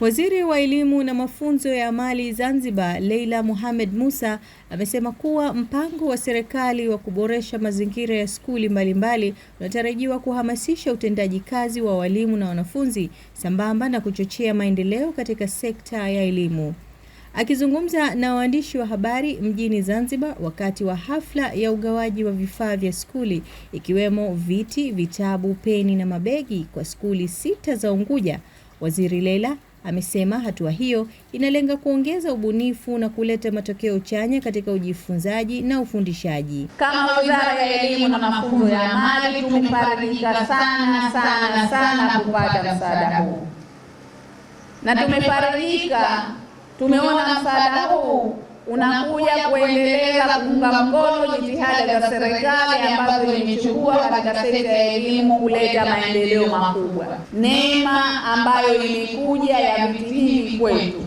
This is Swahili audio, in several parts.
Waziri wa Elimu na Mafunzo ya Amali Zanzibar, Leila Mohamed Musa, amesema kuwa mpango wa serikali wa kuboresha mazingira ya skuli mbalimbali unatarajiwa kuhamasisha utendaji kazi wa walimu na wanafunzi sambamba na kuchochea maendeleo katika sekta ya elimu. Akizungumza na waandishi wa habari mjini Zanzibar wakati wa hafla ya ugawaji wa vifaa vya skuli ikiwemo viti, vitabu, peni na mabegi kwa skuli sita za Unguja, Waziri Leila Amesema hatua hiyo inalenga kuongeza ubunifu na kuleta matokeo chanya katika ujifunzaji na ufundishaji. Kama Wizara ya Elimu na Mafunzo ya Amali tumefarijika sana sana sana kupata msaada huu na tumefarijika, tumeona msaada huu unakuja kuendeleza kuunga mkono jitihada za serikali ambazo imechukua katika sekta ya elimu kuleta maendeleo makubwa. Neema ambayo ilikuja ya viti hivi kwetu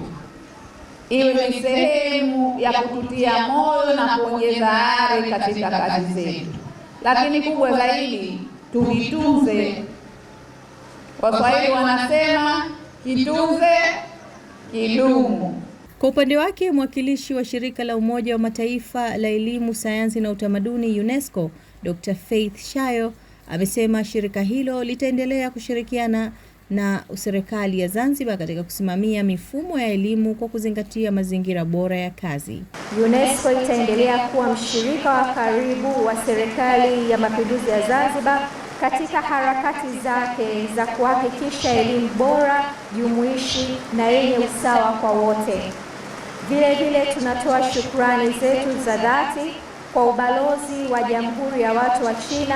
iwe ni sehemu ya kututia moyo na kuongeza ari katika kazi zetu, lakini kubwa zaidi tuvitunze. Waswahili wanasema kitunze kidumu. Kwa upande wake, mwakilishi wa shirika la Umoja wa Mataifa la Elimu, Sayansi na Utamaduni UNESCO, Dr. Faith Shayo amesema shirika hilo litaendelea kushirikiana na serikali ya Zanzibar katika kusimamia mifumo ya elimu kwa kuzingatia mazingira bora ya kazi. UNESCO itaendelea kuwa mshirika wa karibu wa serikali ya mapinduzi ya Zanzibar katika harakati zake za kuhakikisha elimu bora, jumuishi na yenye usawa kwa wote. Vile vile tunatoa shukrani zetu za dhati kwa ubalozi wa Jamhuri ya Watu wa China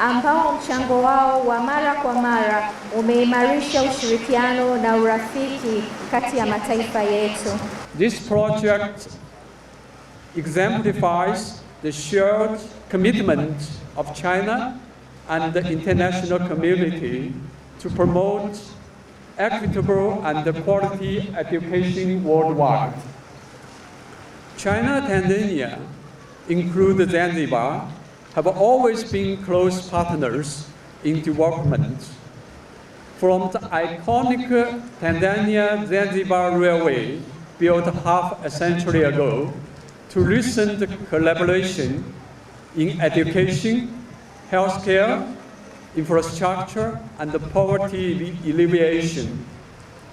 ambao mchango wao wa mara kwa mara umeimarisha ushirikiano na urafiki kati ya mataifa yetu. This project exemplifies the shared commitment of China and the international community to promote equitable and quality education worldwide. China, Tanzania, including Zanzibar, have always been close partners in development. From the iconic Tanzania-Zanzibar Railway built half a century ago to recent collaboration in education, healthcare, infrastructure, and poverty alleviation,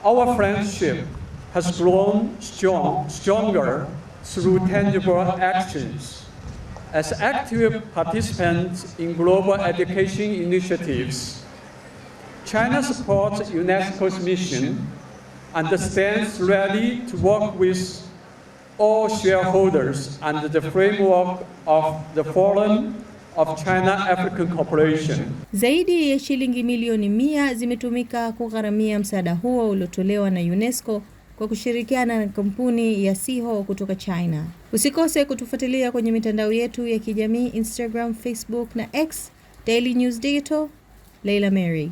our friendship has grown strong, stronger through tangible actions. As active participants in global education initiatives, China supports UNESCO's mission and stands ready to work with all shareholders under the framework of the Forum of China African Cooperation. Zaidi ya shilingi milioni mia zimetumika kugharamia msaada huo uliotolewa na UNESCO kwa kushirikiana na kampuni ya Siho kutoka China. Usikose kutufuatilia kwenye mitandao yetu ya kijamii Instagram, Facebook na X, Daily News Digital. Leila Mary.